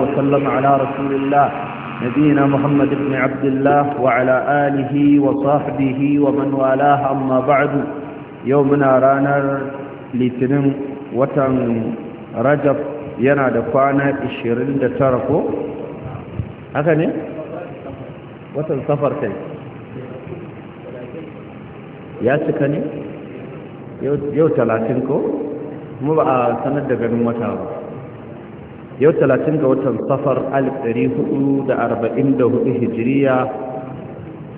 وسلم على رسول الله نبينا محمد بن عبد الله وعلى آله وصحبه ومن والاه أما بعد يومنا رانا litinin watan rajab yana da kwana 29 ko haka ne watan safar kai ya cika ne yau 30 ko kuma ba a sanar da ganin wata ba yau 30 ga watan safar 1444 hijiriya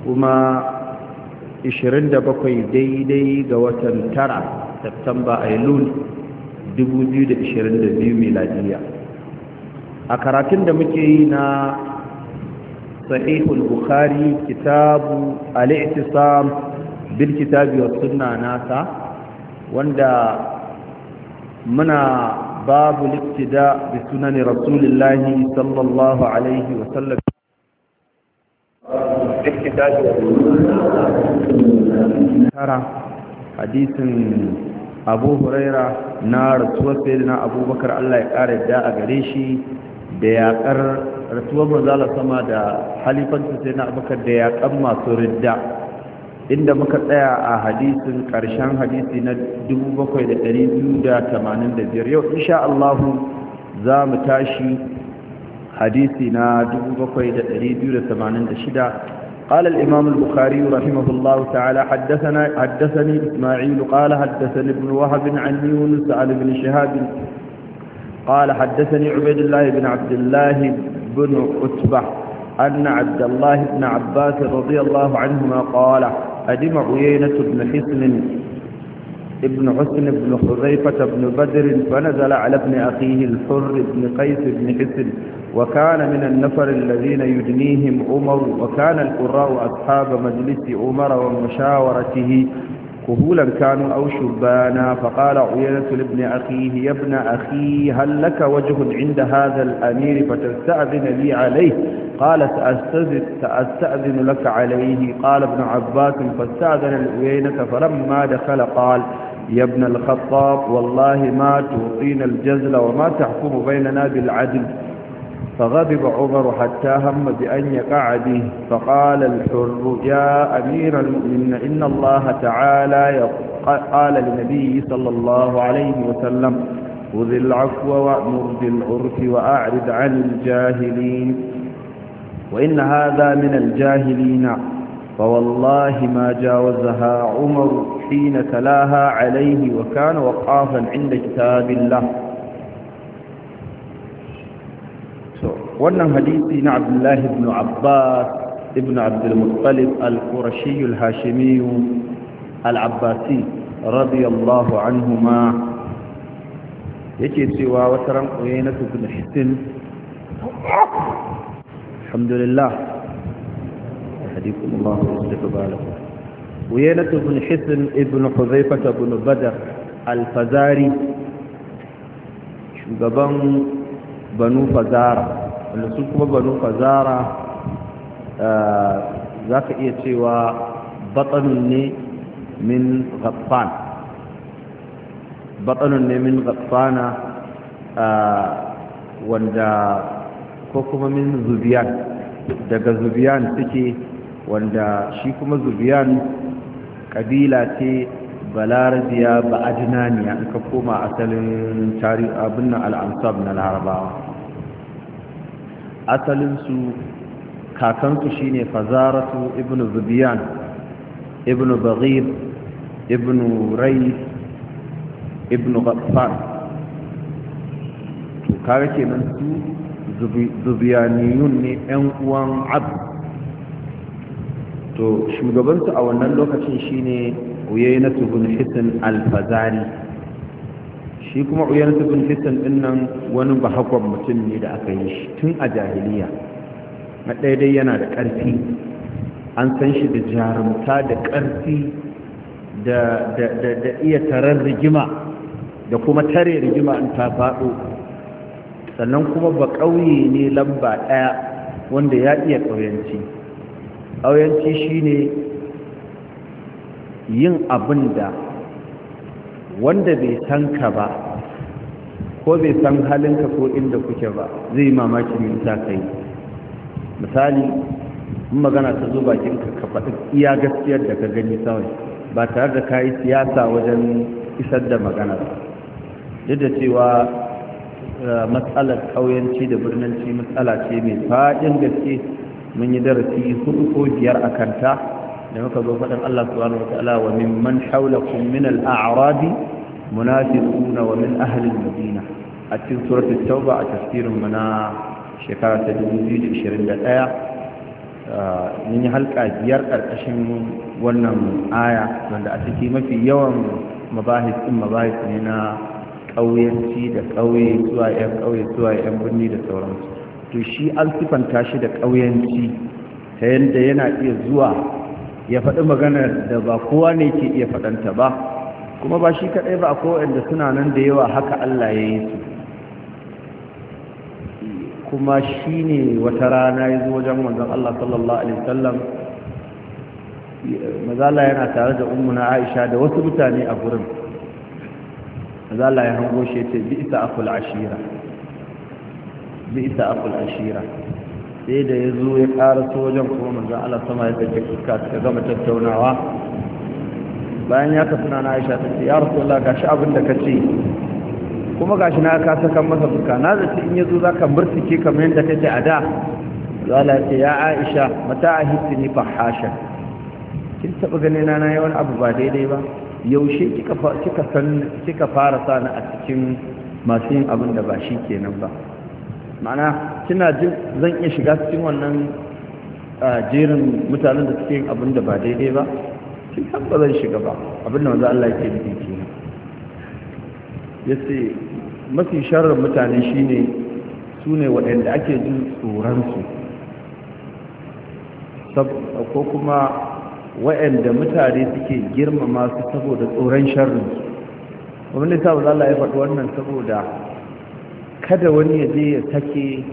kuma 27 daidai ga watan tara septamba ailul 2022 miladiya a karatun da muke yi na sahihul bukhari kitabu al'itisam bil kitabi wa sunna nasa wanda muna babu liktida bi sunani rasulillahi sallallahu alaihi wasallam tara hadisin abu huraira na rasuwar sayyidina abubakar allah ya kara da a gare shi da yakar rasuwar manzala sama da halifanta na abubakar da yakan masu ridda inda muka tsaya a hadisin ƙarshen hadisi na 7,285 yau insha za mu tashi hadisi na 7,286 ƙalar imamul bukari rahimahullahu ta'ala haddasani ismailu ƙala haddasani bin wahabin an yi wani sa'ali bin shahabin ƙala haddasani ubaidullahi bin abdullahi bin utubah أن عبد الله بن عباس رضي الله عنهما قال أدم عيينة بن حسن ابن حسن بن حذيفة بن بدر فنزل على ابن أخيه الحر بن قيس بن حسن وكان من النفر الذين يدنيهم عمر وكان القراء أصحاب مجلس عمر ومشاورته كهولا كانوا أو شبانا فقال عيينة لابن أخيه يا ابن أخي هل لك وجه عند هذا الأمير فتستأذن لي عليه قال سأستأذن لك عليه قال ابن عباس فاستأذن العيانة فلما دخل قال يا ابن الخطاب والله ما تعطينا الجزل وما تحكم بيننا بالعدل فغضب عمر حتى هم بأن يقع به فقال الحر يا أمير المؤمنين إن الله تعالى قال لنبيه صلى الله عليه وسلم خذ العفو وأمر بالعرف وأعرض عن الجاهلين وإن هذا من الجاهلين فوالله ما جاوزها عمر حين تلاها عليه وكان وقافا عند كتاب الله wannan hadisi na abdullahi ibn abbas ibn abdulmuttalib al-qurashi al-hashimi al-abbasi radiyallahu anhuma yake cewa wata ran na tukun hisin alhamdulillah hadikum Allah wa sallaka na uyana tukun hisin ibn huzaifa ibn badr al-fazari shugaban banu fazara wanda sun kuma banu fazara eh, za ka iya cewa batsanun ne min ghaffan batsanun ne min ghaffana eh, wanda ko kuma min zubiyan daga zubiyan suke wanda shi kuma zubiyan kabila ce balarabiya ba adinaniya in ka koma asalin tarihi abin nan al'amsab na larabawa asalinsu kakansu shine fazaratu ibn zubiyan ibn baghir ibn rai ibn ghaffar to kaga kenan su zubiyaniyun ne yan uwan abd to shugabansu a wannan lokacin shine uyainatu bin hisan al-fazari shi kuma uyansu bin hisan din nan wani hakon mutum ne da aka yi shi tun a jahiliya na daidai yana da ƙarfi an san shi da jarumta da ƙarfi da iya tarar rigima da kuma tare rigima in ta faɗo sannan kuma ba ƙauye ne lamba ɗaya wanda ya iya ƙauyanci ƙauyanci ne yin abin da wanda bai san ba ko bai san halinka ko inda kuke ba zai mamakin yin sa kai misali in magana ta zo bakin ka ka faɗi iya gaskiyar da ka gani kawai ba tare da kayi siyasa wajen isar da magana ba duk da cewa eh, matsalar ƙauyenci da birnanci matsala ce mai faɗin gaske mun yi darasi hudu ko biyar a kanta da muka zo faɗin Allah subhanahu wataala wa mimman hawlakum min al-a'rabi munafiquna wa min ahli al-madina a cikin suratul tauba a tafsirin mu na shekara ta 2021 uh, mun yi halka biyar karkashin wannan aya wanda a ciki mafi yawan mabahis din mabahis ne na ƙauyenci da ƙauye zuwa 'yan ƙauye zuwa 'yan birni da sauransu to shi an sifanta shi da ƙauyenci ta yadda yana iya zuwa ya faɗi maganar da ba kowa ne ke iya faɗanta ba kuma ba shi kaɗai ba akwai waɗanda suna nan da yawa haka Allah ya yi su kuma shi ne wata rana ya zo wajen manzon Allah sallallahu alaihi wasallam mazala yana tare da ummuna Aisha da wasu mutane a gurin mazala ya hango shi ce bi isa akul ashira bi isa akul ashira sai da ya zo ya karaso wajen kuma manzon Allah sama ya tafi iska suka gama tattaunawa bayan ya tafi na Aisha ta ce ya rasu Rasulullah gashi abin da ka ce. kuma gashi na ka sakan masa duka. na zaci in yazo zaka murtike kamar yadda kake a da zala ce ya Aisha mata ahitni fahasha kin taba gane na na yawan abu ba daidai ba yaushe kika kika san kika fara sana a cikin masu yin abin da ba shi kenan ba ma'ana kina jin zan iya shiga cikin wannan jerin mutanen da suke yin abin da ba daidai ba kin san ba zan shiga ba abin da manzo Allah yake nufi kenan yace mafi sharar mutane shine su ne waɗanda ake jin tsoronsu ko kuma waɗanda mutane suke girmama su saboda tsoron sharrinsu wanda ya sabu Allah ya faɗi wannan saboda kada wani ya je ya take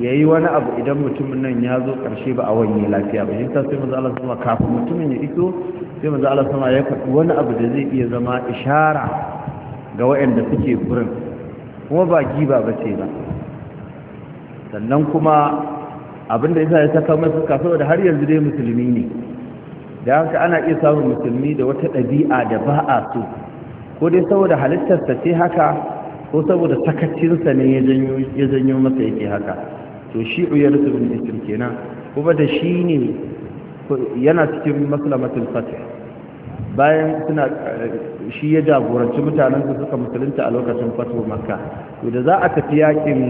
ya yi wani abu idan mutumin nan ya zo ƙarshe ba a wani lafiya ba yasa sai maza Allah sama kafin mutumin ya iso sai maza Allah sama ya faɗi wani abu da zai iya zama ishara ga waɗanda suke gurin kuma ba giba ba ce ba sannan kuma abinda ya ya saka mai fuska saboda har yanzu dai musulmi ne da haka ana iya samun musulmi da wata ɗabi'a da ba a so ko dai saboda halittarsa ce haka ko saboda sakacinsa ne ya janyo masa yake haka to shi uyar su bin kenan kuma da shi ne yana cikin maslamatul fatih bayan suna shi ya jagoranci mutanen su suka musulunta a lokacin fatuwa makka da za a tafi yakin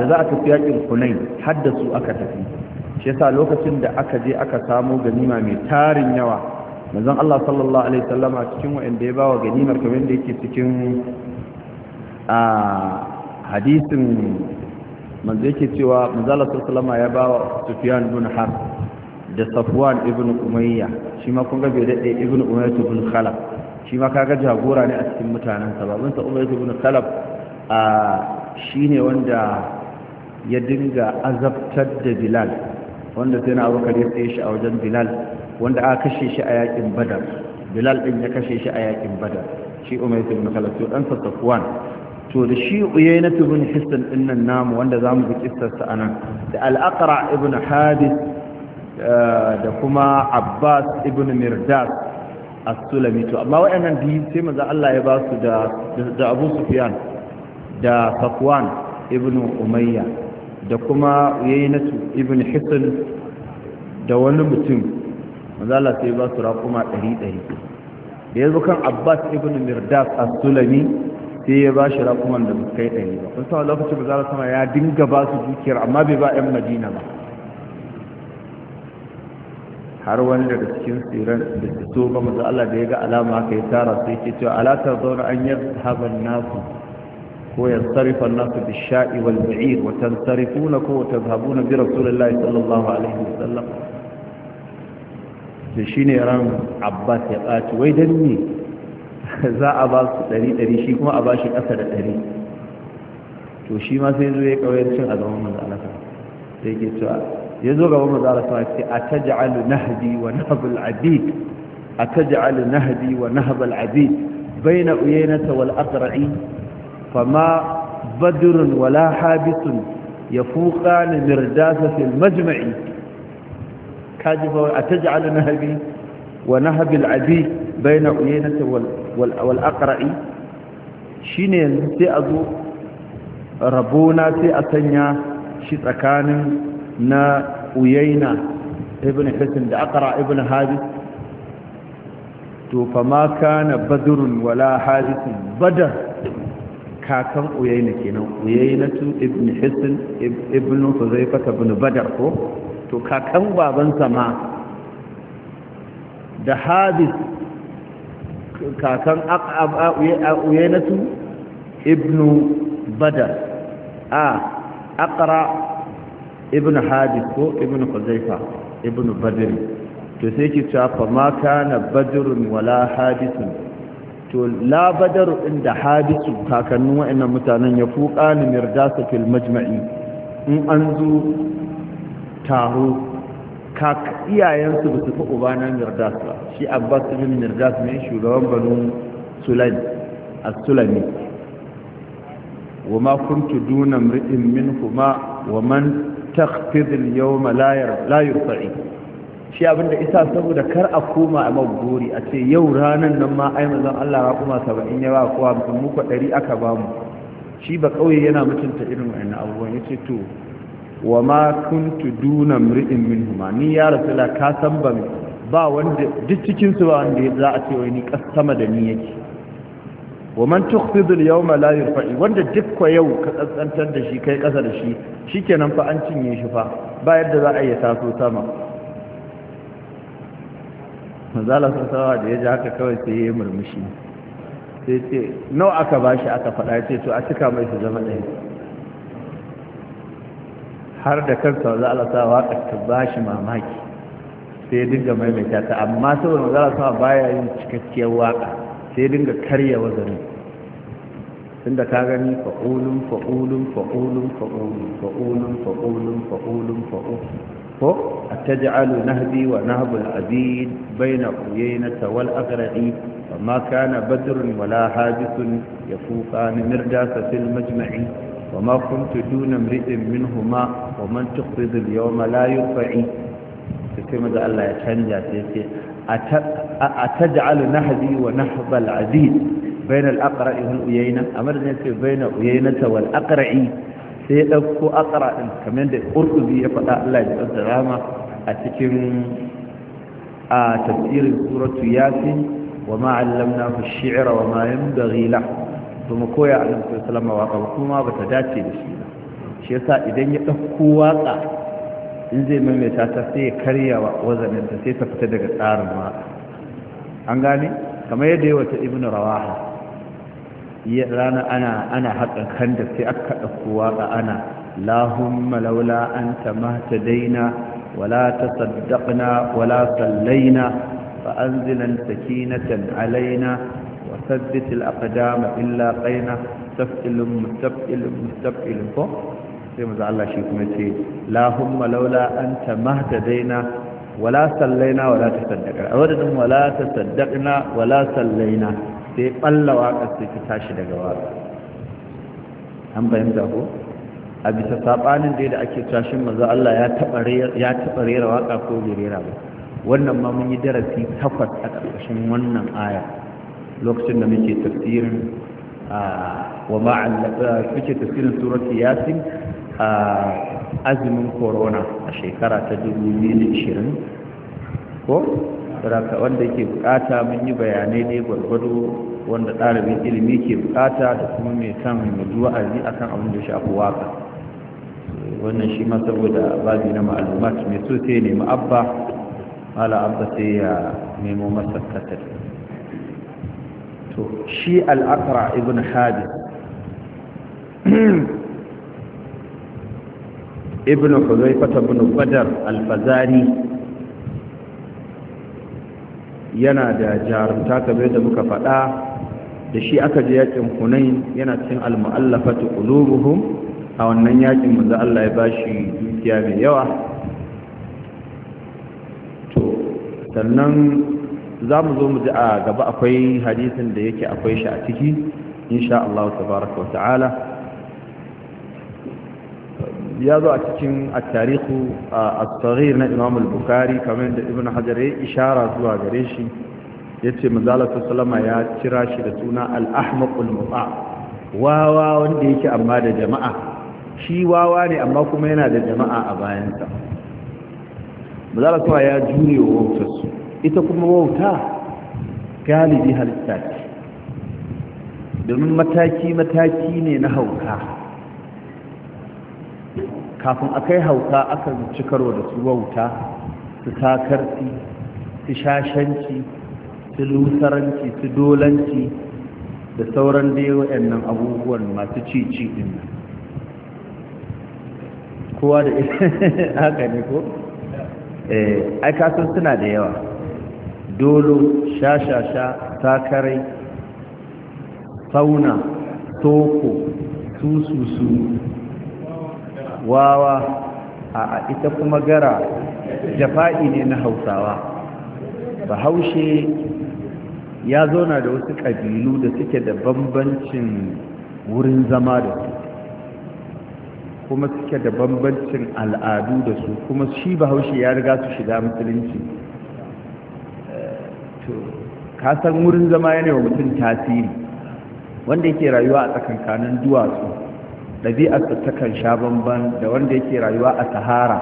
da za a tafi yakin da haddasu aka tafi shi yasa lokacin da aka je aka samu ganima mai tarin yawa manzon Allah sallallahu alaihi wasallama cikin wanda ya bawa ganimar kamar da yake cikin a hadisin manzo yake cewa manzo Allah sallallahu alaihi wasallama ya bawa Sufyan bin Harb da safuwan ibn umayya shi ma kun ga bai daɗe ibn umayya ibn khalaf shi ma kaga jagora ne a cikin mutanen sa babansa umayya ibn khalaf a shine wanda ya dinga azabtar da bilal wanda sai na abubakar ya tsaye shi a wajen bilal wanda aka kashe shi a yakin badar bilal din ya kashe shi a yakin badar shi umayya ibn khalaf to dan safwan to da shi uyayna ibn hisan din nan namu wanda zamu bi kissarsa anan da al-aqra ibn hadith da kuma abbas ibn mirdas as-sulami to amma waɗannan biyu sai manzo Allah ya ba su da da Abu Sufyan da Safwan ibn Umayya da kuma Uyaynatu ibn Hisn da wani mutum manzo Allah sai ya ba su raƙuma 100 da yanzu kan Abbas ibn Mirdas as-Sulami sai ya ba shi raƙuman da suka yi 100 ba kun san lokacin manzo Allah sama ya dinga ba su dukiyar amma bai ba ƴan Madina ba har wani daga cikin tsiran da fito ba maza Allah da ya ga alama haka ya tara sai ke cewa alatar zaune an yi haban nasu ko ya sarrafa nasu da sha'i wal ba'ir watan sarrafu na ko wata zahabu na bi rasulullahi sallallahu alaihi wa sallam. da shi ne ran abbas ya ɓaci wai don ne za a ba su ɗari ɗari shi kuma a ba shi ƙasa da ɗari to shi ma sai zo ya ƙauyar cin azaman zaman maza Allah sai ke cewa يزوغ ومزارة فاكتي أتجعل نهدي ونهض العبيد أتجعل نهدي ونهب العبيد بين أينة والأقرعين فما بدر ولا حابس يفوقان مرداسة المجمع كاجفة أتجعل نهبي ونهب العبيد بين أينة والأقرعين شنين أبو ربونا سيأتنيا شتكان na uyaina ibn hisin da akara ibn hadis to fa ma kana badrun wala hadisin badar kakan uyaina kenan uyainatu ibn hisin ibn huzaifa ibn badar ko to kakan babansa ma da hadis kakan uyainatu ibn badar a akara ibn hadis ko ibn huzaifa ibn badr to sai ki cewa fa ma kana badrun wala hadisun to la badar inda hadisu kakannin wa'annan mutanen ya fuka ni mirdasa fil majma'i in an zo taro kak iyayensu ba su fi ubana mirdas ba shi abbas ibn mirdas ne shugaban banu sulaim as-sulami wa ma kuntu duna mri'in minhuma wa man istaqfid al-yawma shi abinda isa saboda kar a koma a maguri a ce yau ranar nan ma ai mazan Allah raƙuma sabain ya ba kowa mutum muku aka ba mu shi ba ƙauye yana mutunta irin wannan abubuwan yace to wa ma kun duna mri'in minhuma ni ya rasula ka san ba wanda duk cikinsu ba wanda za a ce wani ni sama da ni yake wa man tukhfidul yawma la yurfa'i wanda dukka yau ka tsantsantar da shi kai kasa da shi shikenan fa an cinye shi fa ba yadda za a yi taso sama manzala sawa da ya ji haka kawai sai ya yi murmushi sai ce nau aka ba shi aka faɗa ya ce to a cika mai su zama ɗaya har da kansa manzala waƙa ta bashi mamaki sai ya dinga maimaita ta amma saboda manzala ba baya yin cikakkiyar waƙa sai dinga karya wazarin tunda ka gani fa'ulun fa'ulun fa'ulun fa'ulun fa'ulun fa'ulun fa'ulun fa'ulun ko ataj'alu nahbi wa nahbu al-abid bayna uyaynata wal aqra'i Allah ya canja sai أتجعل نهدي ونهض العزيز بين الأقرع والأيينة أمر نفسه بين أيينة والأقرع سيدفك أقرع كمان دي قرطبي يفضى الله جل الدرامة أتكم تفسير سورة ياسين وما علمناه الشعر وما ينبغي له ثم كويا عليه الصلاة والسلام وقال وكما بتداتي بشيء شيء سائدين يتفكوا واقع in zai maimaita ta sai ya karya wazaninta sai ta fita daga tsarin ma an gane kamar yadda yawa ta ibn rawaha rana ana ana kan kanda sai aka ɗauko waƙa ana lahumma laula anta mahtadaina wala tasaddaqna wala sallaina fa anzilan sakinatan alaina wa thabbit aqdama illa qaina tafilum mustafilum mustafilum ko sai maza Allah shi kuma ce lahumma laula anta mahtadaina wala sallaina wala tasaddaqna a wadannan wala tasaddaqna wala sallaina sai balla waka sai ta tashi daga waka an bayyana ko a bisa sabanin da ake tashin maza Allah ya taba ya taba rera waka ko bai rera ba wannan ma mun yi darasi takwas a ƙarƙashin wannan aya lokacin da muke tafsirin ah, wa ma'allaka muke tafsirin surat yasin a azumin corona a shekara ta 2020 ko raka wanda ke bukata mun yi bayanai ne gwargwado wanda ɗalibin ilimi ke bukata da kuma mai san zuwa arzi akan abin da shafi waka wannan shi ma saboda babi na ma'alumat mai so sai nemi abba mala abba sai ya nemo masa katar to shi al'akara ibn hadis ibn huzaifata ibn badar alfazani yana da jarumta kamar da muka faɗa da shi aka je yakin hunain yana cin almu'allafatu qulubuhum a wannan yakin manzo Allah ya bashi dukiya mai yawa to sannan za mu zo mu ji a gaba akwai hadisin da yake akwai shi a ciki insha Allah tabaraka wa ta'ala ya zo a cikin at-tarihu as na Imam al-Bukhari kamar da Ibn Hajar ya ishara zuwa gare shi yace manzala salama ya cira shi da suna al-ahmaqul muta wawa wanda yake amma da jama'a shi wawa ne amma kuma yana da jama'a a bayansa manzala ya jure wa wautarsu ita kuma wauta galibi halitta ce domin mataki-mataki ne na hauka kafin a kai hauka aka ci karo da su wauta su takarci su shashanci su lusaranci su dolanci da sauran dai nan abubuwan masu cici ɗin kowa da haka ne ko? Eh, ai kasan suna da yawa dolo shashasha takarai sauna toko sususu wawa a ita kuma gara jafa'i ne na hausawa haushe ya zauna da wasu ƙabilu da suke da bambancin wurin zama da su kuma suke da bambancin al'adu da su kuma shi bahaushe ya riga su shiga musulunci kasan wurin zama yana wa mutum tasiri wanda yake rayuwa a tsakankanin duwatsu ɗabi'arsa takan sha bamban da wanda yake rayuwa a sahara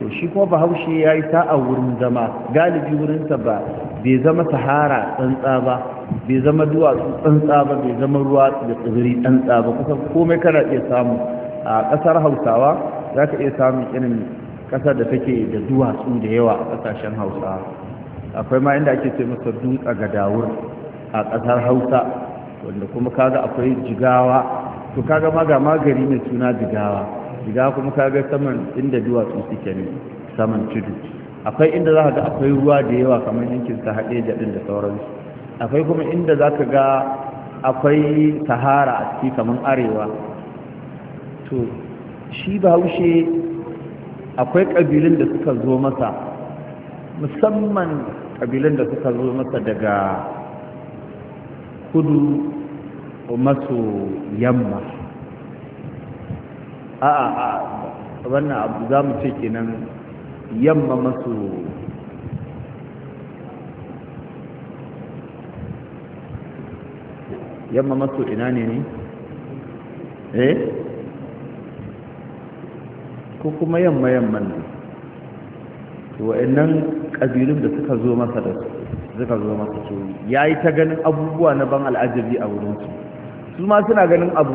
to shi kuma bahaushe ya yi ta a wurin zama galibi wurinsa ba bai zama sahara tsantsa ba bai zama duwatsu tsantsa ba bai zama ruwa da tsibiri tsantsa ba kusan komai kana iya samu a ƙasar hausawa za ka iya samun irin ƙasar da take da duwatsu da yawa a ƙasashen hausawa akwai ma inda ake ce masa dutsa ga dawur a ƙasar hausa wanda kuma kaga akwai jigawa to kaga ma ga magari mai suna jigawa jigawa kuma kaga saman inda duwatsu suke ne saman tudu akwai inda za ka ga akwai ruwa da yawa kamar yankin ta haɗe da ɗin da sauransu akwai kuma inda za ka ga akwai sahara a ciki kamar arewa to shi ba haushe akwai ƙabilun da suka zo masa musamman ƙabilun da suka zo masa daga kudu maso yamma a a wannan abu za mu ce kenan yamma maso yamma maso ina ne ne eh ko kuma yamma yamman ne wa'annan ƙabilun da suka zo masa da suka zo masa ya yi ta ganin abubuwa na ban al'ajabi a wurinsu su ma suna ganin abu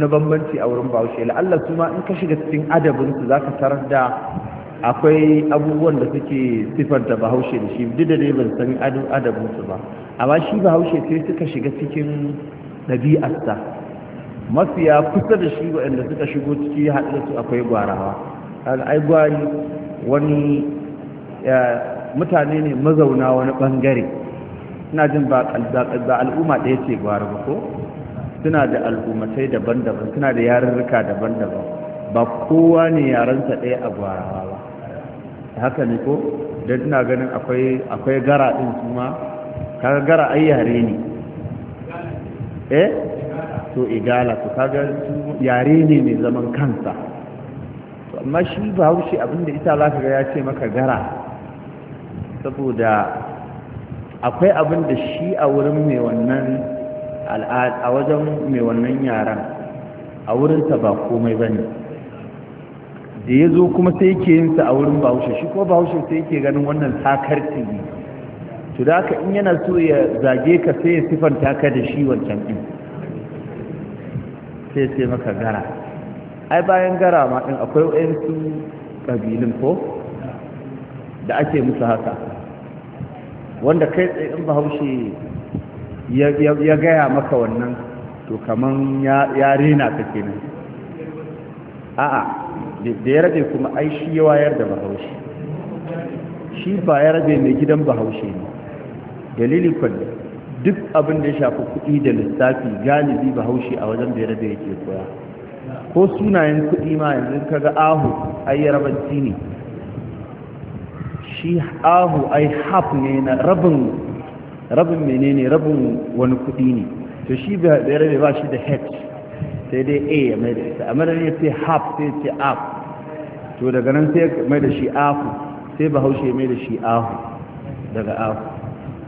na bambanci a wurin bahaushe la'alla su ma in ka shiga cikin adabinsu za ka tarar da akwai abubuwan da suke siffanta bahaushe da shi duk da dai ban san adabinsu ba amma shi bahaushe sai suka shiga cikin ɗabi'arsa mafiya kusa da shi waɗanda suka shigo ciki haɗu da su akwai gwarawa ai gwari wani mutane ne mazauna wani ɓangare ina jin ba al'umma ɗaya ce gwara ba ko suna da al'ummatai daban-daban suna da yarurruka daban-daban ba kowa ne yarensa ɗaya a gwarawa ba haka ne ko da suna ganin akwai gara ɗin su ma kaga gara ai yare ne eh to igala to kaga yare ne mai zaman kansa amma shi bahaushe abinda ita za ka ga ya ce maka gara saboda akwai abin da shi a wurin mai wannan a wajen mai wannan yaran a wurinsa ba komai ba ne da ya zo kuma sai yake yin sa a wurin bahaushe shi kuma bahaushe sai yake ganin wannan takar tigi to da in yana so ya zage ka sai ya sifanta ka da shi wancan din sai sai maka gara ai bayan gara ma din akwai su kabilin ko da ake musu haka wanda kai tsaye in bahaushe ya gaya maka wannan to kamar ya rena ta kenan a'a da ya rabe kuma ai shi ya wayar da bahaushe shi ba ya rabe mai gidan bahaushe ne dalili kwallo duk abin da ya shafi kuɗi da lissafi galibi bahaushe a wajen da ya rabe yake koya ko sunayen kuɗi ma yanzu ka ga ahu ai rabanci ne shi ahu ai haf ne na rabin rabin menene rabin wani kudi ne to shi da rabe ba shi da head sai dai a ya mai da ita a madadin ya ce half sai ce half to daga nan sai mai da shi afu sai bahaushe mai da shi ahu daga ahu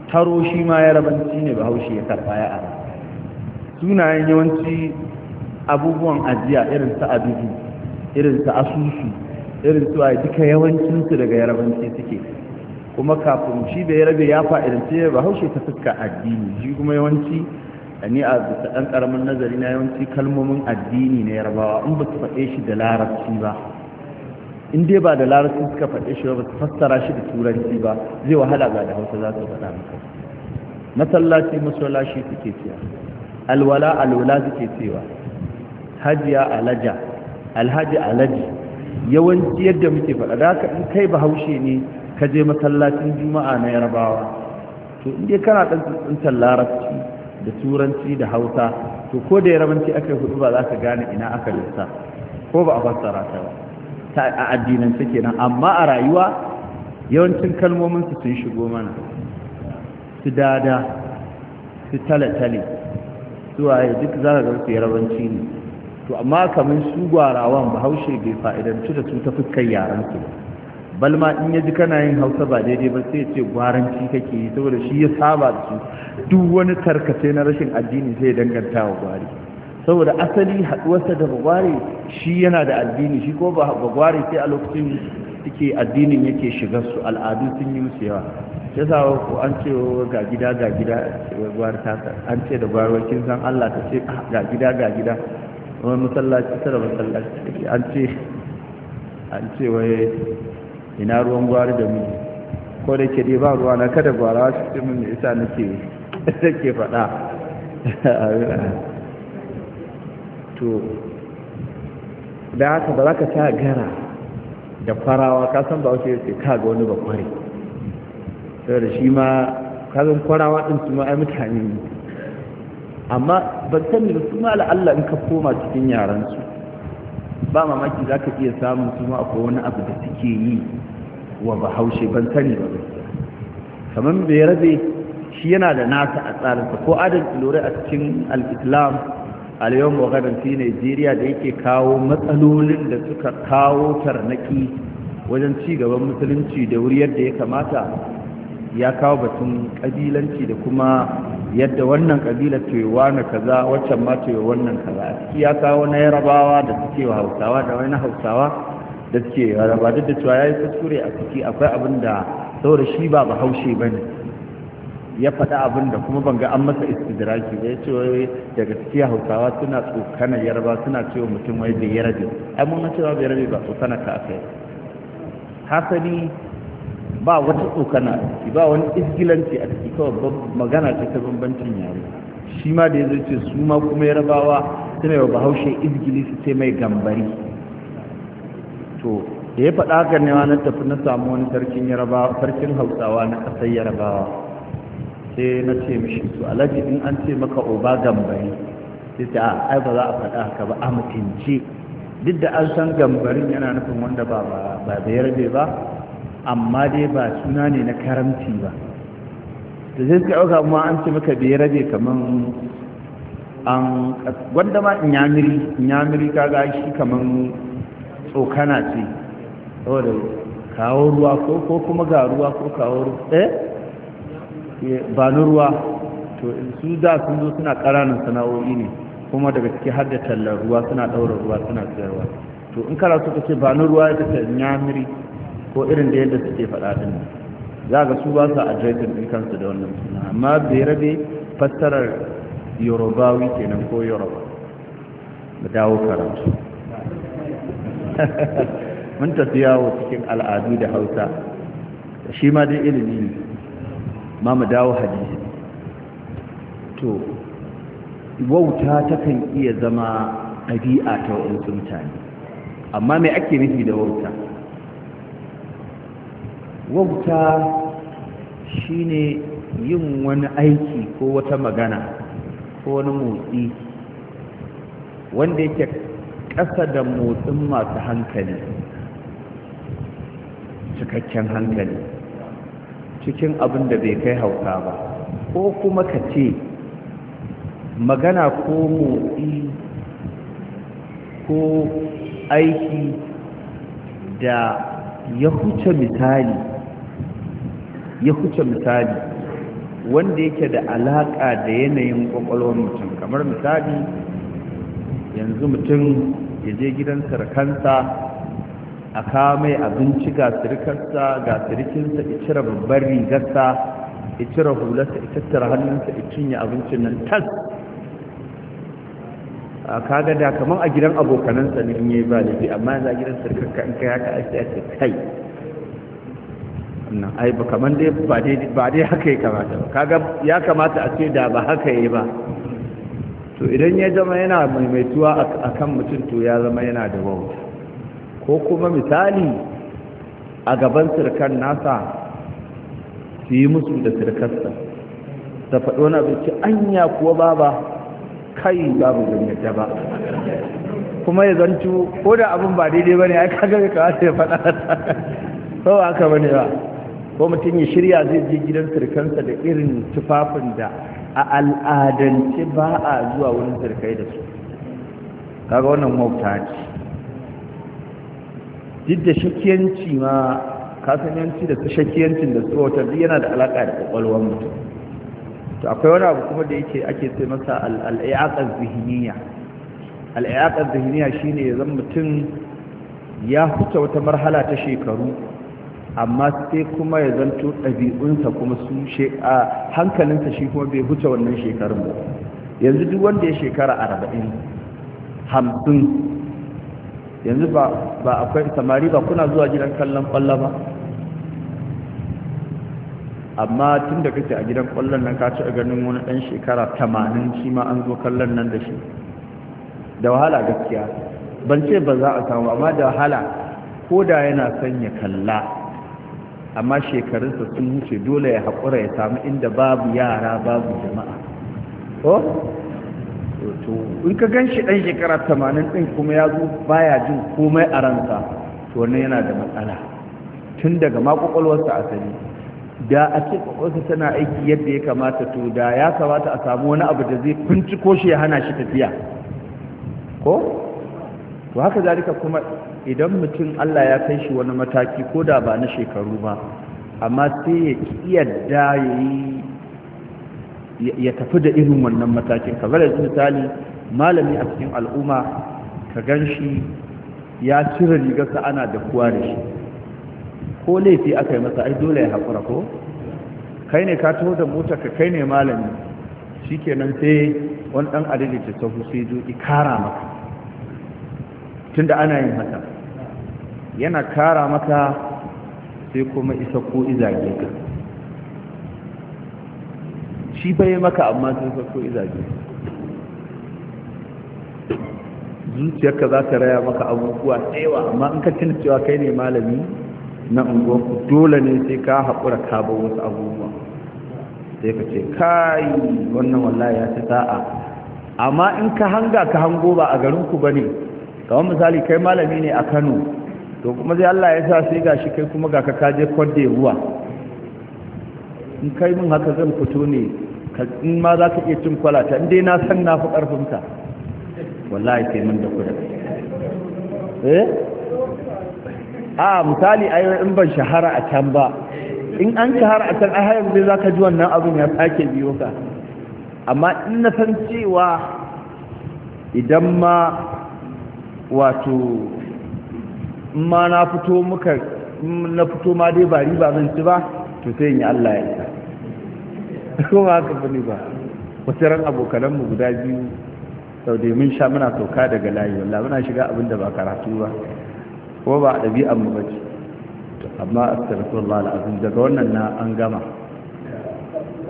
taro shi ma ya rabanci ne bahaushe ya karɓa ya ara sunayen yawanci abubuwan ajiya irin ta abubu irin ta asusu irin su a duka yawancinsu daga yarabanci suke kuma kafin shi da ya rabe ya fa'idance ba haushe ta fuska addini shi kuma yawanci ni a bisa ɗan ƙaramin nazari na yawanci kalmomin addini na yarbawa in ba su faɗe shi da larabci ba in dai ba da larabci suka faɗe shi ba su fassara shi da turanci ba zai wahala ga da hausa za su faɗa maka masallaci masallaci suke cewa alwala alwala suke cewa hajiya alaja alhaji alaji yawanci yadda muke faɗa da haka in kai bahaushe ne ka je masallacin juma'a na yarbawa to inda kana ɗan larabci da turanci da hausa to ko da yarabanci aka hudu ba za ka gane ina aka lissa ko ba a fassara ta ba ta a addinan kenan amma a rayuwa yawancin kalmomin su sun shigo mana su dada su tale-tale su waye duk za ka gamsu yarabanci ne to amma kamar su gwarawan bahaushe bai fa'idanci da su ta fuskar yaransu ba balma in ya ji kana yin hausa ba daidai ba sai ce gwaranci kake yi saboda shi ya saba da su duk wani tarkace na rashin addini sai ya danganta wa gwari saboda asali haɗuwarsa da gwari shi yana da addini shi ko ba gwari sai a lokacin suke addinin yake shiga su al'adu sun yi musu yawa ya sa ko an ce ga gida ga gida gwar ta an ce da gwar kin san Allah ta ce ah, ga gida ga gida wani masallaci tara masallaci an ce an ce wai ina ruwan gwari da miji ko da ke ba ruwa na kada gwara su ce mun isa nake take faɗa to da haka ba za ka ta gara da farawa ka san ba wace ce ka ga wani ba kware saboda shi ma ka zan kwarawa din su ma ai mutane amma ban san ne su ma la'alla in ka koma cikin yaran su ba mamaki za ka iya samun kuma a wani abu da suke yi wa bahaushe ban sani ba kamar bai rabe shi yana da nasa a tsarinsa ko adam ilore a cikin al'islam a leon fi nigeria da yake kawo matsalolin da suka kawo tarnaki wajen ci gaban musulunci da wuri yadda ya kamata ya kawo batun kabilanci da kuma yadda wannan kabila cewa na kaza waccan ma cewa wannan kaza a ciki ya kawo na yarabawa da suke wa hausawa da wani hausawa da suke yaraba duk da cewa ya yi kuskure a ciki akwai abin da saboda shi ba bahaushe ba ne ya faɗa abin da kuma ga an masa istidraki ya ce wai daga ciki hausawa suna tsokana yarba suna cewa mutum wai bai yarabe ai mun cewa bai yarabe ba tsokana ka akai hasali ba wata tsokana ba wani isgilanci a ciki kawai magana ta ta bambancin yare shi ma da ya zai ce su ma kuma yarabawa, ta mai wa bahaushe isgili su ce mai gambari to da ya faɗa ga ne na tafi na samu wani sarkin yarabawa sarkin hausawa na ƙasar yarabawa sai na ce mishi to alaji in an ce maka oba gambari sai ta ai ba za a faɗa haka ba a mutunce duk da an san gambarin yana nufin wanda ba ba ba ba amma dai ba suna ne na karamci ba da zai suka ɗauka ma an ce maka bai rage kamar an wanda ma inyamiri ka kaga shi kamar tsokana ce saboda kawo ruwa ko kuma ga ruwa ko kawo ruwa eh ba na ruwa to su da sun zo suna ƙananan sana'o'i ne kuma daga ciki har da tallar ruwa suna ɗaura ruwa suna sayarwa to in kana so ka ce ba na ruwa ita ce inyamiri ko irin da yadda suke faɗa din za ga su ba su adresin ɗin kansu da wannan suna amma berabe fassarar yorubawi kenan ko yoruba da dawo karatu mun tafi yawo cikin al'adu da hausa shi ma dai ilimi ne ma mu dawo hadisi to wauta takan iya zama ɗabi'a ta wa'insu mutane amma mai ake nufi da wauta wauta shine yin wani aiki ko wata magana ko wani motsi wanda yake ƙasa da motsin masu hankali cikakken hankali cikin abin da bai kai hauka ba ko kuma ka ce magana ko motsi ko aiki da ya huce misali ya huce misali wanda yake da alaƙa da yanayin ƙwaƙwalwar mutum kamar misali yanzu mutum ya je gidan sarkansa a mai abinci ga sirkarsa ga sirkinsa ya cire babbar rigarsa ya cire hularsa ya tattara hannunsa ya cinye abincin nan tas a kaga da kamar a gidan abokanansa ne in yi ba laifi amma yanzu a gidan sirikarka in kai haka a ake kai ai ba kaman dai ba dai haka ya kamata ba kaga ya kamata a ce da ba haka yi ba to idan ya zama yana maimaituwa a kan mutum to ya zama yana da wauta ko kuma misali a gaban sirkan nasa su yi musu da sirkarsa ta faɗo wani abinci anya kuwa baba kai babu ganyarta ba kuma ya zanto ko da abin ba daidai ba ne ya kaga ya kawata ya faɗa haka aka bane ba ko mutum ya shirya zai je gidan sirkansa da irin tufafin da a al'adance ba a zuwa wurin sirkai da su kaga wannan mauta ce duk da shakiyanci ma kasanyanci da shakiyancin da su wata duk yana da alaƙa da ƙwaƙwalwar mutum to akwai wani abu kuma da yake ake sai masa al'ayyakar zihiniya al'ayyakar zihiniya shine ya zama mutum ya huta wata marhala ta shekaru amma sai kuma ya zanto ɗabi'unsa kuma su a hankalinsa shi kuma bai huce wannan shekarun ba yanzu duk wanda ya shekara arba'in hamsin yanzu ba akwai samari ba kuna zuwa gidan kallon kwallo ba amma tun da kake a gidan kwallon nan ka ci a ganin wani ɗan shekara tamanin shi ma an zo kallon nan da shi da wahala gaskiya ban ce ba za a samu amma da wahala ko da yana son ya kalla amma shekarunsa sun wuce dole ya haƙura ya samu inda babu yara babu jama'a ko to in ka gan shi ɗan shekara tamanin ɗin kuma ya zo baya jin komai a ransa to wannan yana da matsala tun daga a asali da a ce kwakwalwarsa tana aiki yadda ya kamata to da ya kamata a samu wani abu da zai ko shi ya hana shi tafiya ko to haka zalika kuma idan mutum Allah ya kai shi wani mataki ko da ba na shekaru ba amma sai ya yadda ya tafi da irin wannan matakin kamar yanzu misali malami a cikin al'umma ka gan shi ya cire rigarsa ana da kuwa da shi ko laifi aka yi masa ai dole ya haƙura ko kai ne ka taho da mota ka kai ne malami shi kenan sai wani ɗan adalci ta sahu sai zo ikara maka tunda ana yin haka yana kara maka sai kuma isa ko izage ka shi bai maka amma sai isa ko izage zuciyarka za ta raya maka abubuwa tsewa amma in ka tuna cewa kai ne malami na unguwanku dole ne sai ka haƙura ka bar wasu abubuwa sai ka ce kai wannan wallahi ya ci sa'a amma in ka hanga ka hango ba a garinku ba ne kawai misali kai malami ne a kano to kuma zai Allah ya sa sai gashi kai kuma ga ka kaje kwadde ruwa in kai min haka zan fito ne in ma za ka iya cin kwalata in dai na san na fi ƙarfinka wallahi sai mun da kuɗa eh a misali ai in ban shahara a can ba in an shahara a can ai har yanzu za ka ji wannan abin ya sake biyo ka amma in na san cewa idan ma wato ma na fito muka na fito ma dai ba riba zan ci ba to sai in yi Allah ya isa ko ba ka bani ba wasu ran abokanan mu guda biyu sau da mun sha muna sauka daga layi walla muna shiga abin da ba karatu ba ko ba ɗabi'an mu ba ce amma astaghfirullah alazim daga wannan na an gama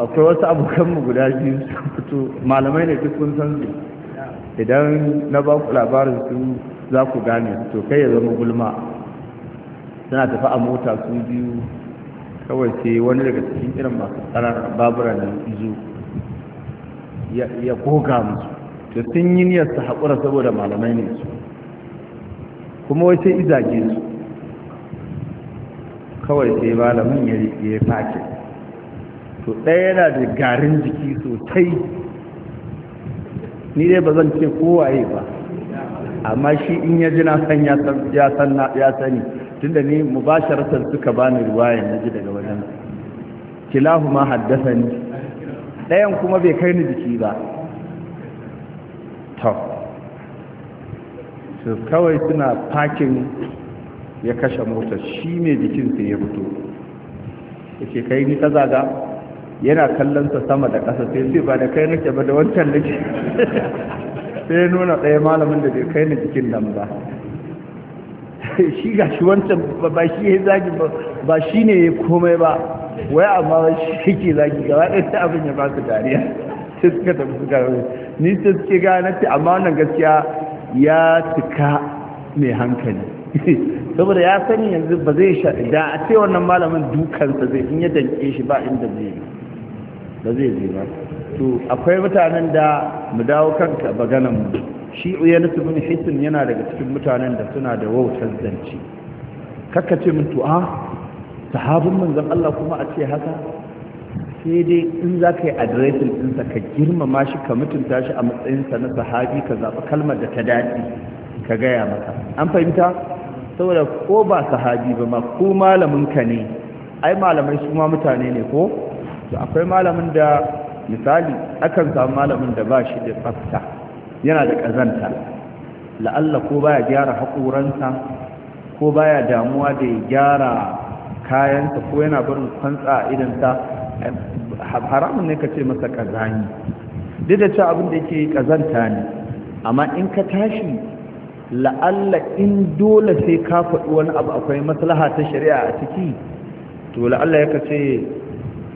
akwai wasu abokan mu guda biyu sun fito malamai ne duk kun san su idan na ba ku labarin su za ku gane to kai ya zama gulma suna tafi a mota su biyu kawai sai wani daga cikin irin masu tsarar babura na izo ya koga musu to sun yi niyyar su haƙura saboda malamai ne su kuma wai izage su kawai sai malamin ya ya fake to ɗaya yana da garin jiki sosai ni dai ba zan ce kowaye ba amma shi in ya ji na san ya san ya mu sani tunda ni mubasharatan suka bani ruwayan naji daga wajen ma haddathani dayan kuma bai kai ni jiki ba to su kawai suna parking ya kashe motar shi ne jikin sai ya fito yake kai ni kazaga yana kallon sa sama da ƙasa sai sai ba da kai nake ba da wancan nake sai nuna ɗaya malamin da bai kai ni jikin nan ba shi ga shi wancan ba shi ya zagi ba shi ne ya komai ba wai amma shi ke zagi gaba ɗaya ta abin ya ba su dariya sai suka tafi suka rauni ni sai suke gane ta amma wannan gaskiya ya tuka mai hankali saboda ya sani yanzu ba zai sha da a ce wannan malamin dukansa zai in ya danke shi ba inda zai ba zai zai ba to akwai mutanen da mu dawo kanka maganan mu shi uyana bin hisin yana daga cikin mutanen da suna da wautar zance kakka ce min to a ah, sahabin manzon Allah kuma a ce haka sai dai in za ka yi adiresin ɗinsa ka girmama shi ka mutunta shi a matsayinsa na sahabi ka zaɓi kalmar da ta daɗi ka gaya maka. an fahimta saboda ko ba sahabi ba ma ko malamin ka ne ai malamai su ma mutane ne ko akwai malamin da misali akan samu malamin da ba shi da tsafta yana da ƙazanta la'alla ko baya gyara haƙoransa ko baya damuwa da ya gyara kayansa ko yana barin kwantsa a idansa eh, haramun ne ka ce masa ƙazani duk da cewa abin da yake ƙazanta ne amma in ka tashi la'alla in dole sai ka faɗi wani abu akwai maslaha ta shari'a a ciki to la'alla ya ka ce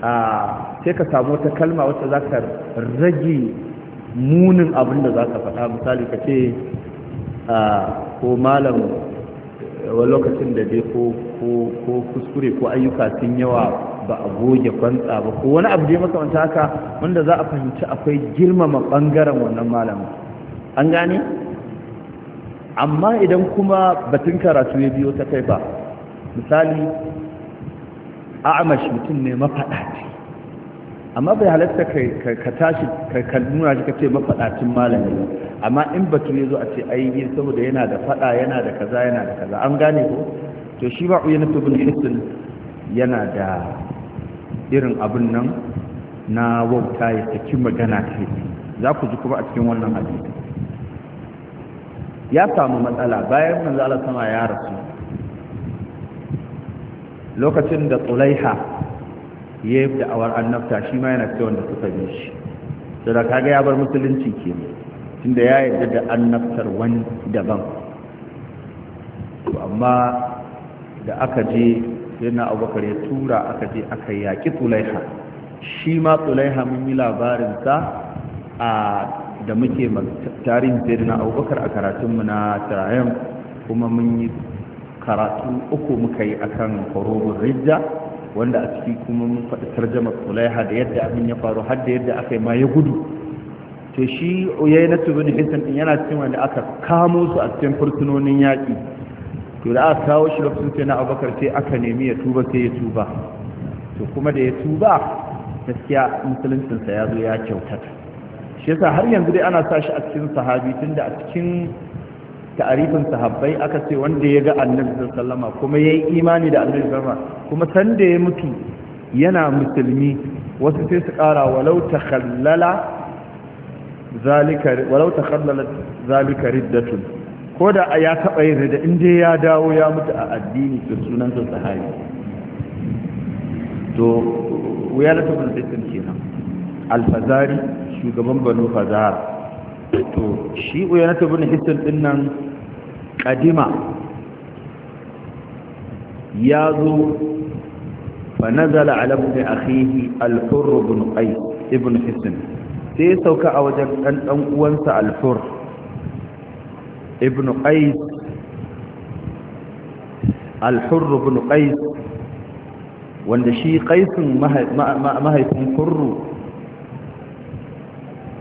a ah, sai ka samu wata kalma wacce za ka rage munin abin da za ka faɗa misali ka ce ah, ko malam eh, wani lokacin da dai ko kuskure ko ayyuka sun yawa ba a goge kwantsa ba ko wani abu dai makamanta haka wanda za a fahimci akwai girmama bangaren wannan malamin an gane amma idan kuma batun karatu ya biyo ta kai ba misali a'amash mutum ne mafaɗaci amma bai halatta ka tashi ka nuna shi kace mafaɗacin malami amma in batu ya zo a ce ai yi saboda yana da faɗa yana da kaza yana da kaza an gane ko to shi ba uyan tubul hisn yana da irin abun nan na wauta ya saki magana ce za ku ji kuma a cikin wannan hadisi ya samu matsala bayan manzo Allah sama ya rasu lokacin da Tsulaiha ya yi awar annabta shi ma yana cewa da suka bi shi to da kaga ya bar musulunci ke tun tunda ya yarda da annabtar wani daban to amma da aka je yana abubakar ya tura aka je aka yaƙi tulaiha shi ma tulaiha mun yi labarinsa a da muke tarihin sai na abubakar a karatunmu na tarayen kuma mun yi karatu uku muka yi akan horobin rijja wanda a ciki kuma mun faɗi tarjama kulaiha da yadda abin ya faru har da yadda aka yi ma ya gudu to shi yi na tubin hisan din yana cikin wanda aka kamo su a cikin furtunonin yaƙi to da aka kawo shi lokacin sai na abubakar sai aka nemi ya tuba sai ya tuba to kuma da ya tuba gaskiya musuluncinsa ya zo ya kyautata shi yasa har yanzu dai ana sa shi a cikin sahabi tunda a cikin ta'arifin sahabbai aka ce wanda ya ga annabi sallama kuma ya yi imani da annabi sallama kuma san da ya mutu yana musulmi wasu sai su kara walau takhallala zalika walau takhallala zalika riddatun ko da ya taba yin rida in dai ya dawo ya mutu a addini da sunan sa sahabi to wuya da bin kenan al alfazari shugaban banu fazara to shi uyanatu ibn hisn din nan kadima ya zo fa nazala ala ibn akhihi al-hurr ibn qais ibn hisn sai sauka a wajen dan dan uwansa al-hurr ibn qais al-hurr ibn qais wanda shi qaisin mahaifin hurru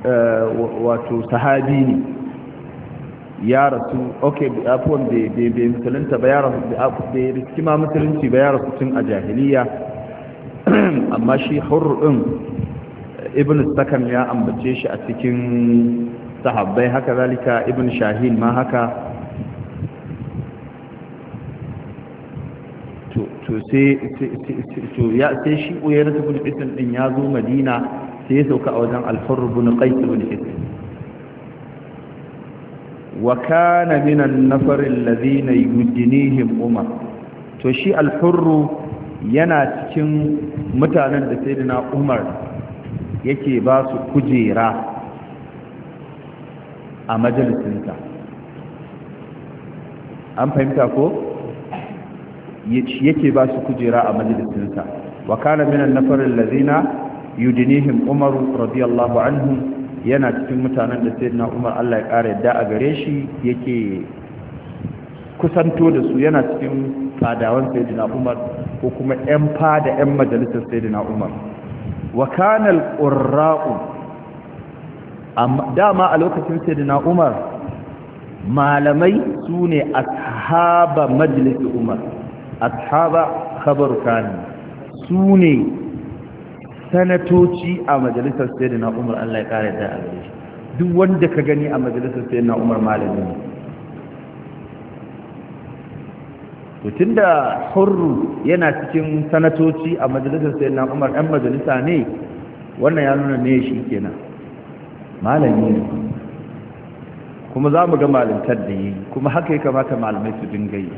wato sahabi ne ya rasu ok ya bai musulunta ba ya rasu bai riski ma musulunci ba ya rasu tun a jahiliya amma shi hurrun ibn sakan ya ambace shi a cikin sahabbai haka zalika ibn shahin ma haka to sai shi uyar tukun isin ɗin ya zo madina sai ya sauka a wajen alfarru bin qais bin hit wa kana min an lazina alladhina yujinihim umar to shi alfarru yana cikin mutanen da na umar yake ba su kujera a majalisinsa an fahimta ko yake ba su kujera a majalisinsa wa kana minan an-nafar alladhina yudinihim umaru radiyallahu anhu yana cikin mutanen da umar allah ya ƙara yadda a gare shi yake kusanto da su yana cikin fadawan Sayyidina umar ko kuma 'yan fada 'yan majalisar Sayyidina umar wa kanal ƙurra'u dama a lokacin Sayyidina umar malamai su ne ashaba majalisar umar ashaba khabar kani su ne sanatoci a majalisar sai na umar Allah ya ƙara da alaihi duk wanda ka gani a majalisar sai na umar malami ne tutun da hurru yana cikin sanatoci a majalisar sai na umar ɗan majalisa ne wannan ya nuna ne shi kenan malami ne kuma za mu ga malintar da yi kuma haka ya kamata malamai su dinga yi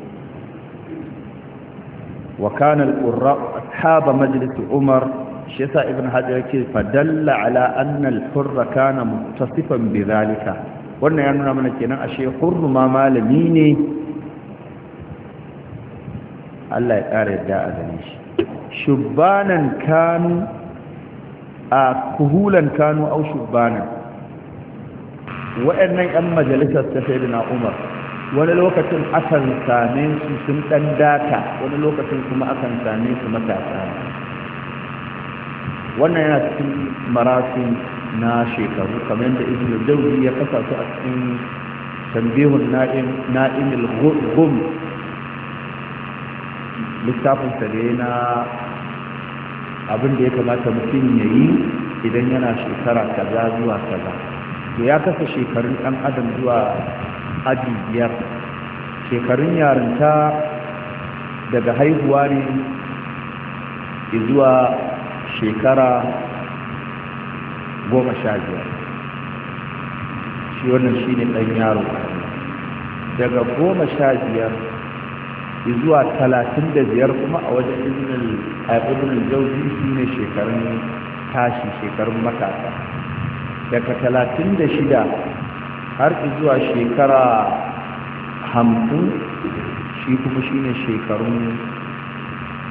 wa kana al-qurra ashab umar shi yasa ibn hajar yake fadalla ala anna al-hurra kana muttasifan bi zalika wannan ya nuna mana kenan ashe hurru ma malami ne Allah ya ƙara yadda a gane shi shubbanan kanu a kuhulan kanu au shubbanan waɗannan 'yan majalisar ta shaidu na umar wani lokacin akan same su sun ɗan data wani lokacin kuma akan same su matasa wannan yana cikin marasin na shekaru kamar da ibn ya kasa su a cikin tambihun na'im al-ghum littafin sa da na abin da ya kamata mutum ya yi idan yana shekara kaza zuwa kaza to ya kasa shekarun ɗan adam zuwa aji biyar shekarun yarinta daga haihuwa ne zuwa shekara goma sha biyar shi wannan shi ne ɗan yaro daga goma sha biyar zuwa talatin da biyar kuma a wajen ibn jauzi shi ne shekarun tashi shekarun matasa daga talatin da shida har zuwa shekara hamsin shi kuma shi ne shekarun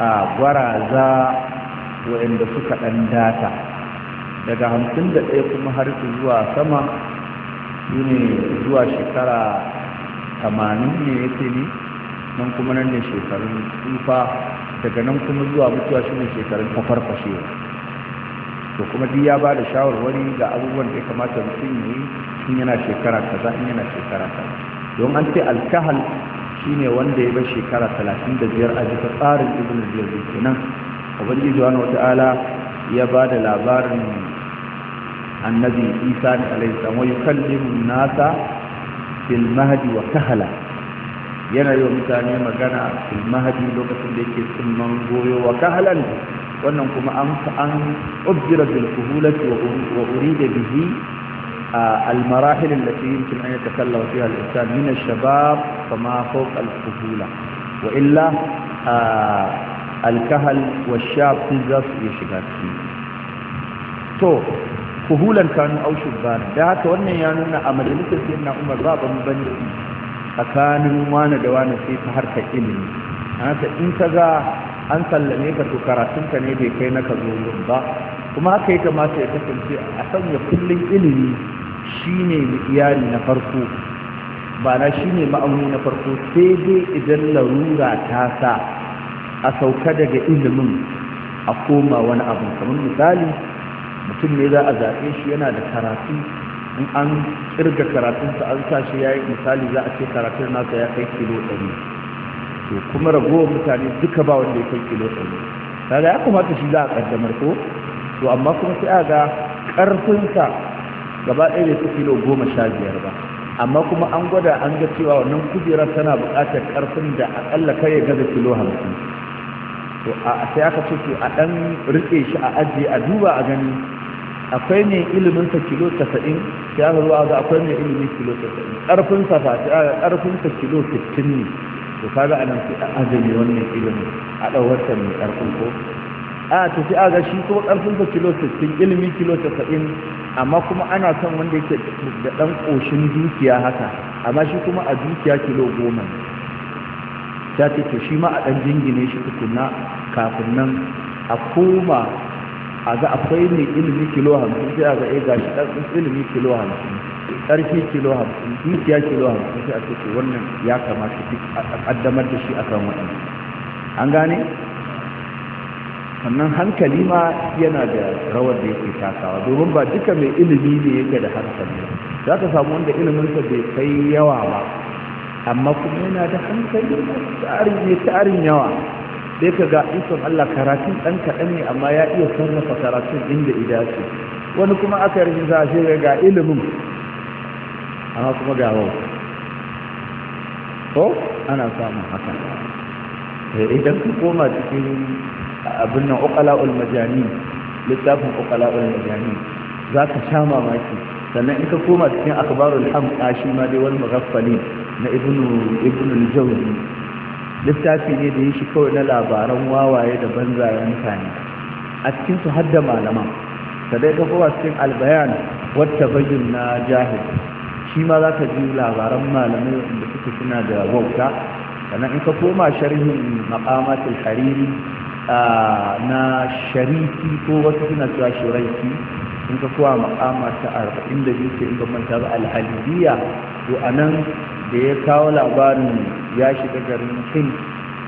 a gwaraza da suka ɗan data daga hamsin da ɗaya kuma har zuwa sama su ne zuwa shekara tamanin ne ya ce ni nan kuma nan ne shekarun tsufa daga nan kuma zuwa mutuwa shi ne shekarun kafarfashewa to kuma duk ya ba da shawarwari ga abubuwan da ya kamata mutum ya yi in yana shekara kaza in yana shekara kaza don an ce alkahal ne wanda ya bar shekara talatin da biyar a jika tsarin ibn al-jazzi nan. ubangiji wani wata'ala ya ba da labarin annabi isa ne alaihissalam wani kallin nasa fil wa kahala yana yi wa mutane magana fil lokacin da yake tsimman goyo wa kahalan wannan kuma an an ubjira bil kuhulati wa da bihi yi التي da أن يتكلم فيها الإنسان من الشباب فما فوق الكهولة وإلا alkahal wa shafi za su iya shiga ciki to kuhulan kanu au shubbana da haka wannan ya nuna a majalisar sayyidina umar ba ban bane tsakanin wani da wani sai ta harka ilimi haka in ka ga an sallame ka to karatunka ne bai kai na ka zo ba kuma haka ya kamata ya kasance a sanya kullum ilimi shine iyali na farko ba na shine ma'auni na farko sai dai idan larura ta sa a sauka daga ilimin a koma wani abu kamar misali mutum ne za a zaɓe shi yana da karatu in an kirga karatunsa an sa shi ya yi misali za a ce karatun nasa ya kai kilo ɗari to kuma ragowar mutane duka ba wanda ya kai kilo ɗari kaga ya kamata shi za a ƙaddamar ko to amma kuma sai a ga ƙarfinsa gaba ɗaya bai kilo goma sha biyar ba amma kuma an gwada an ga cewa wannan kujerar tana buƙatar ƙarfin da aƙalla kai ya gaza kilo hamsin to a sai aka ce to a dan rike shi a ajiye a duba a gani akwai ne ilimin sa kilo 90 sai aka zo ga akwai ne ilimin kilo 90 karfin sa aka karfin sa kilo 60 ne to kaga anan sai a ajiye wannan ilimin a dawar sa mai karfin ko a to sai aka shi ko karfin sa kilo 60 ilimi kilo 90 amma kuma ana son wanda yake da dan koshin dukiya haka amma shi kuma a dukiya kilo 10 ta ce to shi ma a ɗan jingine shi tukuna kafin nan a koma a ga akwai ne ilimi kilo hamsin sai a ga eh, ga shi ɗan ilimi kilo hamsin ƙarfi kilo hamsin dukiya kilo hamsin sai a ce to wannan ya kamata duk a ƙaddamar da shi akan wani. an gane sannan hankali ma yana da rawar da yake takawa domin ba duka mai ilimi ne yake da hankali za ka samu wanda iliminsa bai kai yawa ba amma kuma yana da hankali tsarin tsarin yawa sai ka ga ikon Allah karatun ɗan kaɗan ne amma ya iya sarrafa karatun inda ce. wani kuma aka yi za a ga ilimin amma kuma ga wau ko ana samun haka eh, idan ka koma cikin abin nan uqala'ul majani littafin uqala'ul majani za ka sha mamaki sannan in ka koma cikin akhbarul hamqa shi ma dai wani mughaffalin na ibn al-jawzi littafi ne da yake kawai na labaran wawaye da banzayen mutane a cikin su hadda malama sadai ka kowa cikin albayan wata bayin na jahil shi ma za ka ji labaran malamai da suke suna da wauta sannan in ka koma sharhin maqamatul hariri na shariki ko wasu suna cewa shiraiki in ka kowa maqama ta 42 sai in manta ba al-halidiyya to anan da ya kawo labarin ya shiga garin kai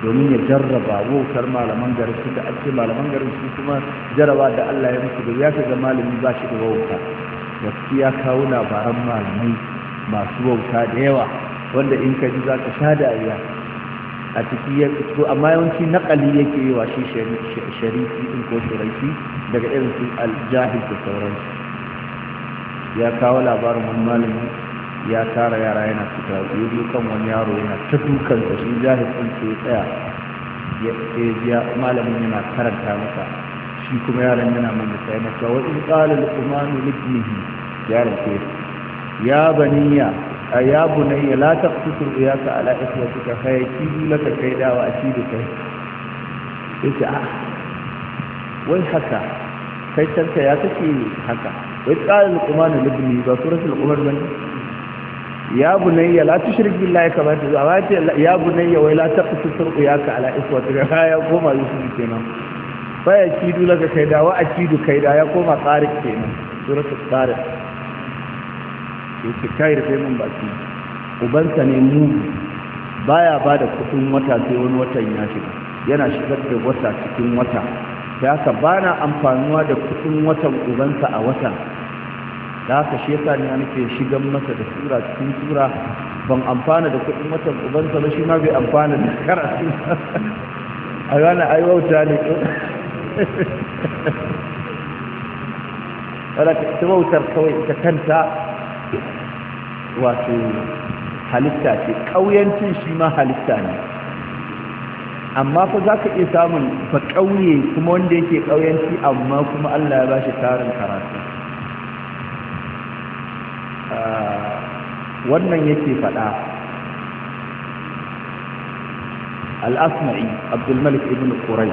domin ya jarraba wautar malaman garin su da ake malaman garin su kuma jarraba da Allah ya musu da ya shiga malami ba shi da wauta gaskiya kawo labaran malamai masu wauta da yawa wanda in ka ji za ka sha dariya a ciki ya fito amma yawanci naƙali yake yi wa shi sharifi in ko sharifi daga irin su aljahil da sauransu ya kawo labarin wani malamin. ya tara yara yana fita biyu biyu kan wani yaro yana ta dukan da shi jahil ɗin sai tsaya ya biya malamin yana karanta masa shi kuma yaron yana mai sai masa wa in qala al-umanu libnihi yaron ke ya baniya a ya bunayya la taqtutu riyaka ala ikhwatika fa yakidu laka kayda wa akidu kai yace a ah, wai haka kai tanka ya kake haka wai qala al-umanu libni ba suratul qamar bane ya bunayya la tushrik billahi kama ta zuwa ce ya bunayya wai la taqtu ka ala iswati ga ya koma yusuf kenan fa ya kidu laka kaida wa akidu kaida ya koma tsarik kenan suratu tsarik yake kai da mun baki ubansa ne mu baya ba da kudin wata sai wani watan ya shiga yana shigar da wata cikin wata Ya ka bana amfanuwa da kudin watan ubansa a watan da haka shi yasa ne nake shigan masa da sura cikin sura ban amfana da kuɗin watan ubansa ba shi ma bai amfana da karatu a gane wauta ne wadda ta wautar kawai ta kanta wato halitta ce ƙauyancin shi ma halitta ne amma fa za ka iya samun ba ƙauye kuma wanda yake ƙauyanci amma kuma allah ya ba shi tarin karatu wannan yake faɗa al'asma'i abdulmalik ibn kurai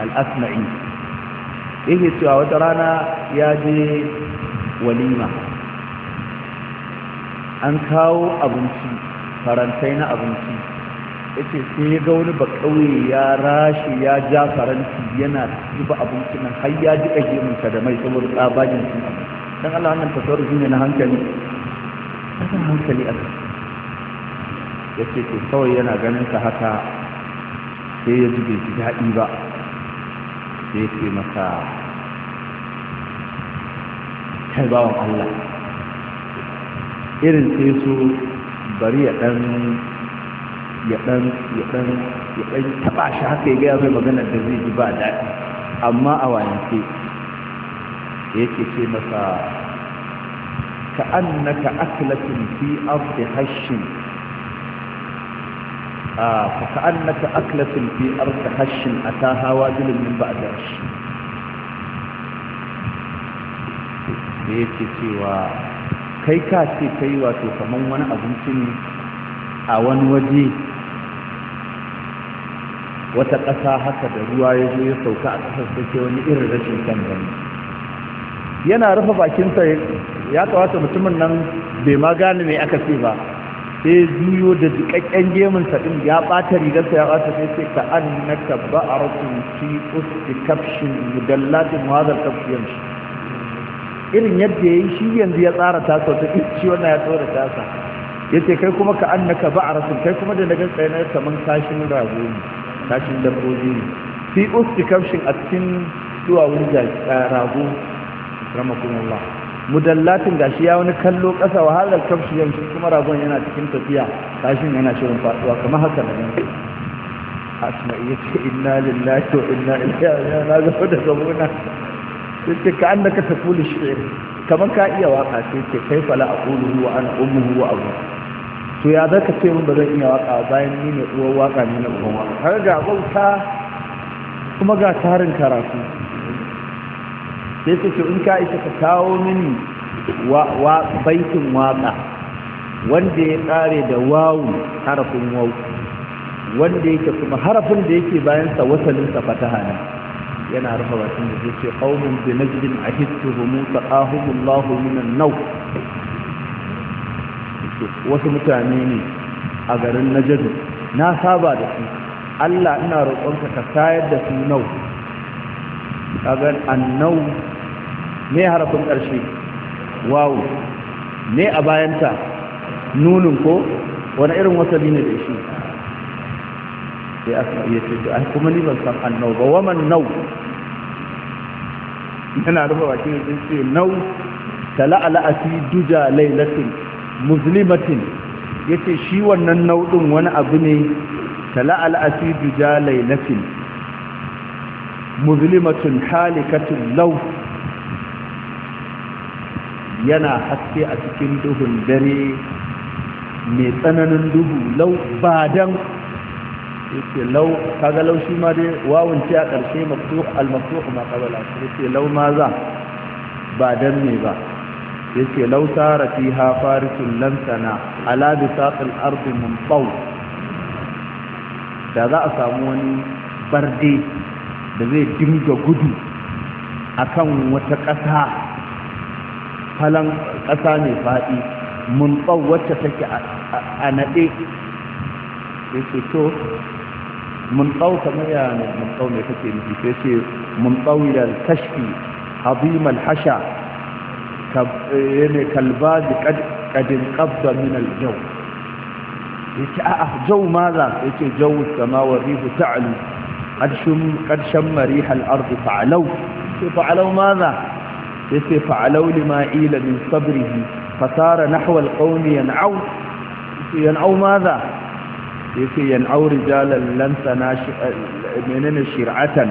asma'i yake cewa wata rana ya je walima an kawo abinci farantai na abinci yace sai ya ga wani ƙauye ya rashi ya ja faranti yana zuba abinci nan har ya jiƙa gemunsa da mai saboda tsabajin sun abinci dan Allah wannan tasarrufi shine na hankali kasan hankali aka ya ce to kawai yana ganin ka haka sai ya ji shi daɗi ba sai ya ce masa kai bawan Allah irin sai su bari ya ɗan ya ɗan ya ɗan ya ɗan taɓa shi haka ya gaya mai maganar da zai ji ba daɗi amma a wayance ce ce masa كأنك أكلة في أرض هش آه فكأنك أكلة في أرض هش أتاها واجل من بعد هش yake cewa kai ka ce kai wato kamar wani abinci ne a wani waje wata ƙasa haka da ruwa ya zo ya sauka a ƙasar sai wani irin rashin kan gani yana rufe bakinsa ya kawata mutumin nan bai ma gane mai aka ce ba sai juyo da jikakken gemunsa din ya bata rigarsa ya bata sai sai ka an na ba a rukun fi usti kafshin mudallatin wazar kafshiyar shi irin yadda ya yi shi yanzu ya tsara tasa ta shi wannan ya tsora tasa ya ce kai kuma ka an na ka ba a rukun kai kuma da daga tsaye na kamar kashin rago ne kashin dabbobi ne fi usti kafshin a cikin duwawun rago akramakumullah mudallatin gashi ya wani kallo ƙasa wahalar kafshi yanzu kuma ragon yana cikin tafiya tashin yana shirin faduwa kamar haka da yanzu asma'iyya ce inna lillahi wa inna ilaihi raji'un na zama da zabuna sai ka annaka kuli shi'r kamar ka iya waka sai ce kai fala aqulu wa ana ummuhu wa abu to ya zaka ce mun ba zan iya waka bayan ni ne uwar waka ne na uban waka har ga bauta kuma ga tarin karatu sai su in ka isa ka kawo mini baitin waka wanda ya tsare da wawu harafin wawu wanda yake kuma harafin da yake bayansa sa fataha ne yana rufe bakin da yake qaumun bi najdin ahittuhum taqahumullahu minan naw wasu mutane ne a garin najadu na saba da su Allah ina roƙonka ka tayar da su nau kagan annau ne harafin ƙarshe wawu ne a bayanta nunin ko wani irin wasali ne da shi sai asma iya ce da kuma ni ban san annau ba waman nau yana rufe baki ne sun ce nau tala'ala a fi duja lailatin muslimatin ya ce shi wannan nau'in wani abu ne tala'ala a fi duja lailatin muslimatun halikatun lau yana haske a cikin duhun dare mai tsananin duhu lau ba dan yake lau kaga lau shi ma dai wawun a ƙarshe maftuh al-maftuh ma ƙabala yake lau ma za ba dan ne ba yake lau tara ha farisun lantana ala bisaqil ardi arzikin taw da za a samu wani barde da zai dinga gudu akan wata ƙasa falon ƙasa ne faɗi mun wacce take a naɗe ya ce to mun ɗau kamar ya mun ɓau ne take nufi sai ce mun ɓau ya kashfi habimal hasha yana kalba da ƙadin ƙabda min aljau ya ce a'a jau ma za ya ce jau sama wa rihu ta'alu ƙarshen mari halar da fa'alau ce fa'alau ma za yace fa'alau lima ila min sabrihi fasara nahwa alqawmi yan'u yan'u madha yace yan'u rijalan lam tanashi menene shir'atan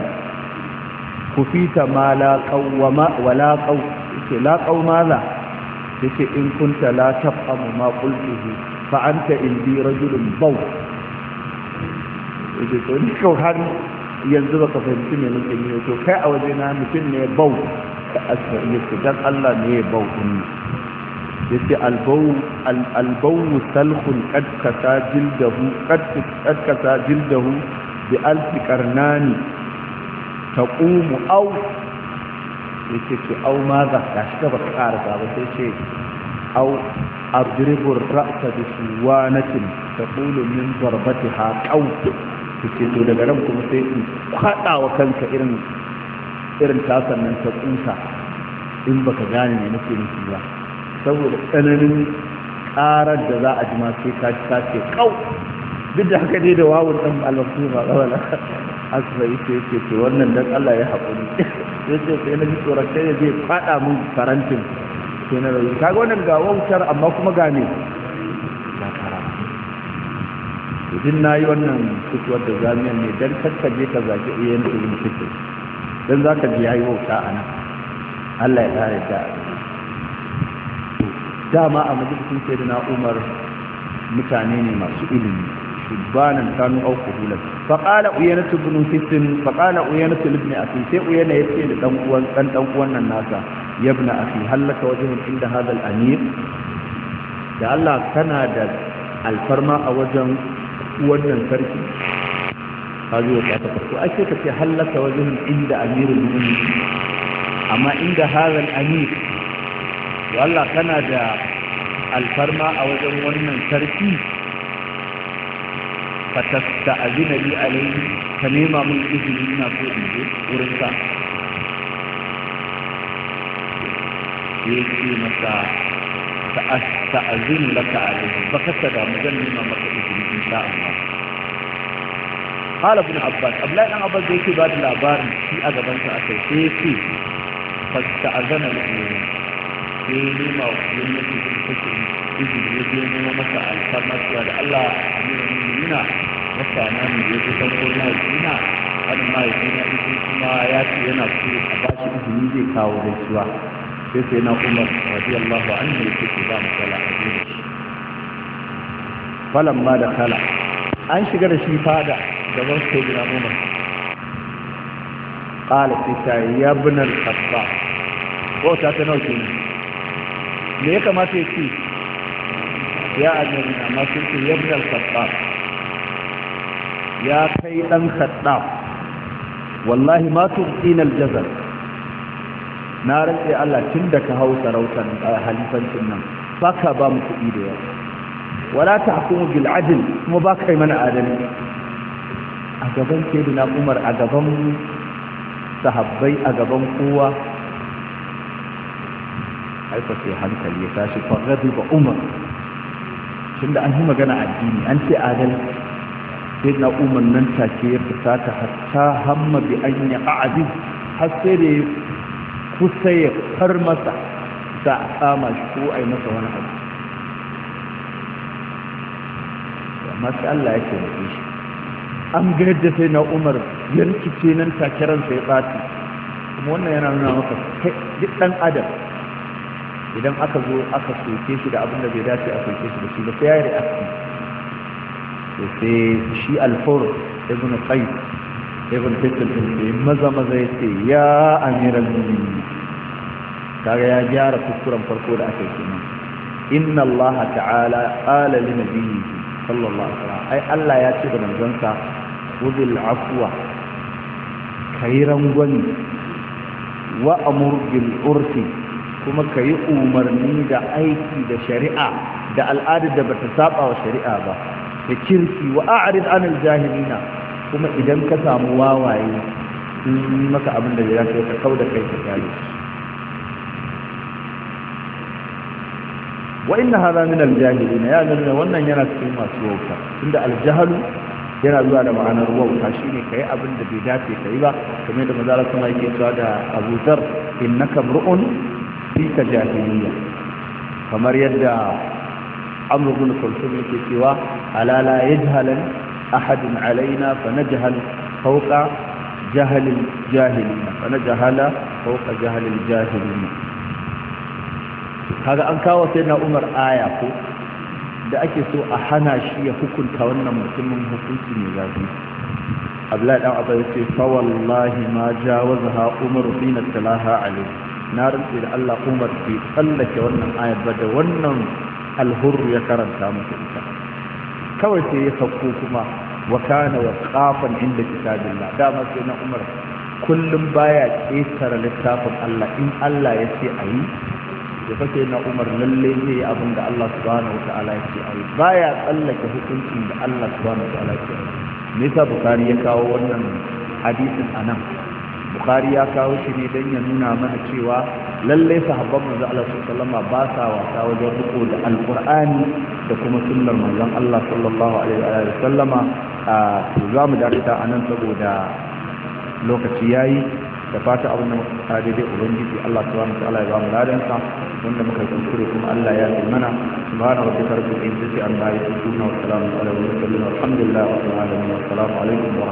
kufita ma la qawma wala qaw yace la qaw madha yace in kunta la tafhamu ma qultuhu fa anta indi rajulun baw yace to ni ko har yanzu baka fahimci me nake ne to kai a waje na mutum ne baw ka asari yace dan Allah ne ya bautin ni yace albawu salhun qad kasa jildahu qad jildahu, kasa jildahu bi alf qarnani taqumu aw yace ce aw ma za ka shiga ba ƙara ba sai ce aw da ra'sa wanakin ta taqulu min darbatiha qaw yace to daga ran kuma sai in kwada wa kanka irin irin tasan nan ta tsinsa in baka gane ne nake nufi ba saboda tsananin karar da za a jima sai ka ta ce kau duk da haka dai da wawun ɗan malafu ba kawala asfa yake yake ce wannan dan Allah ya haƙuri ce sai na ji tsorata ya zai fada mun farantin sai na rauni kaga wannan ga wautar amma kuma gane ne fara idan yi wannan fitowar da zamiyan ne don kakkaje ka zaki iyayen da mutum don za ka biya yi wauta a nan allah ya kare ta dama a majalisun sai da na'umar mutane ne masu ilimi shubbanan kanu auku hulan faƙala uyana tu bin faƙala uyana tu libni a sai uyana ya ce da ɗan uwan ɗan ɗan uwan nan nasa yabna a fi hallaka wajen inda hadal amir da allah kana da alfarma a wajen wannan sarki kazo ya ta farko ai sai ka ce halaka wajen inda amirul mu'minin amma inda hazal amir wallah kana da alfarma a wajen wannan sarki fatasta azina li alayhi ka nema mun izini ina so in je wurin sa yake masa ta'azinu laka alayhi baka sada mu zan nema maka izini insha Allah qala ibn abbas abdullahi dan abbas yake ba da labarin shi a gaban sa akai sai ce fa ta azana ne sai ne ma yin mutum da take yi da ya ne ma masa alfarma cewa da Allah ne nuna mina wata na ne yake san ko na mina an ma yi ne shi kuma ya ce yana so a bashi shi ni zai kawo da shi sai sai na umar radiyallahu anhu yake ba kala a jini falamma da kala an shiga da shi fada gaban sojina umar ƙala sai ya binar kasuwa wauta ta nauke ne me ya kamata ya ce ya annabi na masu ce ya binar kasuwa ya kai dan kasuwa wallahi ma tuɓin aljazar na rantse Allah tun da ka hau sarautar eh, halifancin nan ba ka ba mu kuɗi da yawa wala tahkumu bil adl kuma ba kai mana adalci a gaban sayyidina Umar a gaban sahabbai a gaban kowa haifar sai hankali ya tashi fagadi ba umar da an yi magana addini an ce adalci sai na umar nan ta ke ya fita ta hatta hamma bi an yi a'adi har sai da kusa ya far masa da a kama shi ko a yi masa wani abu Masu Allah ya taimake shi an ga yadda sai na umar ya rikice nan take ransa ya ɓaci kuma wannan yana nuna maka duk ɗan adam idan aka zo aka soke shi da abin da bai dace a soke shi da shi ba sai ya yi reaction to sai shi alfur ibn qayyim ibn fitil din sai maza maza ya ce ya amiral mu'minin kaga ya gyara kuskuren farko da aka yi kenan inna allaha ta'ala qala li sallallahu alaihi wasallam ai Allah ya ce da manzansa khudhil afwa kai rangwani wa amur bil urfi kuma kai umarni da aiki da shari'a da al'adar da bata saba wa shari'a ba da kirki wa a'rid anil jahilina kuma idan ka samu wawaye sun yi maka abin da ya ka da kai ka gane wa inna hadha min al-jahilin ya nuna wannan yana cikin masu wauta tunda al-jahlu yana zuwa da ma'anar wauta shine kai abin da bai dace kai ba kamar da manzo kuma yake cewa da Abu Dhar innaka mur'un fi kamar yadda Amr ibn Kulthum yake cewa ala la yajhalan ahadun alaina fa najhal fawqa jahal al-jahilin fa najhala fawqa jahilin kaga an kawo sai na umar aya ko da ake so a hana shi ya hukunta wannan mutumin hukunci mai zafi abdullahi dan abu ya ce fa wallahi ma jawazaha umar bin talaha alai na rantsi da Allah umar bai tsallake wannan ayar ba da wannan alhurru ya karanta musu ita kawai sai ya sauko kuma wa kana waqafan inda kitabillah dama sai na umar kullum baya ƙetare littafin Allah in Allah ya ce ayi ya fa na umar lalle zai yi abin da Allah subhanahu wataala ya ce ai baya tsallake hukuncin da Allah subhanahu wataala ya ce me yasa Bukhari ya kawo wannan hadisin anan Bukhari ya kawo shi ne don ya nuna mana cewa lallai sahabban manzon Allah sallallahu alaihi ba sa wasa wajen riko da alqur'ani da kuma sunnar manzon Allah sallallahu alaihi wa sallama ah, a zamu dakata anan saboda lokaci yayi da fata abin da muka daidai, ubangiji Allah subhanahu wataala ya ba mu ladan wanda muka kuskure kuma Allah ya yi mana subhana rabbika rabbil izzati amma yasifun wa salamun ala al mursalin walhamdulillahi rabbil alamin wa assalamu alaikum wa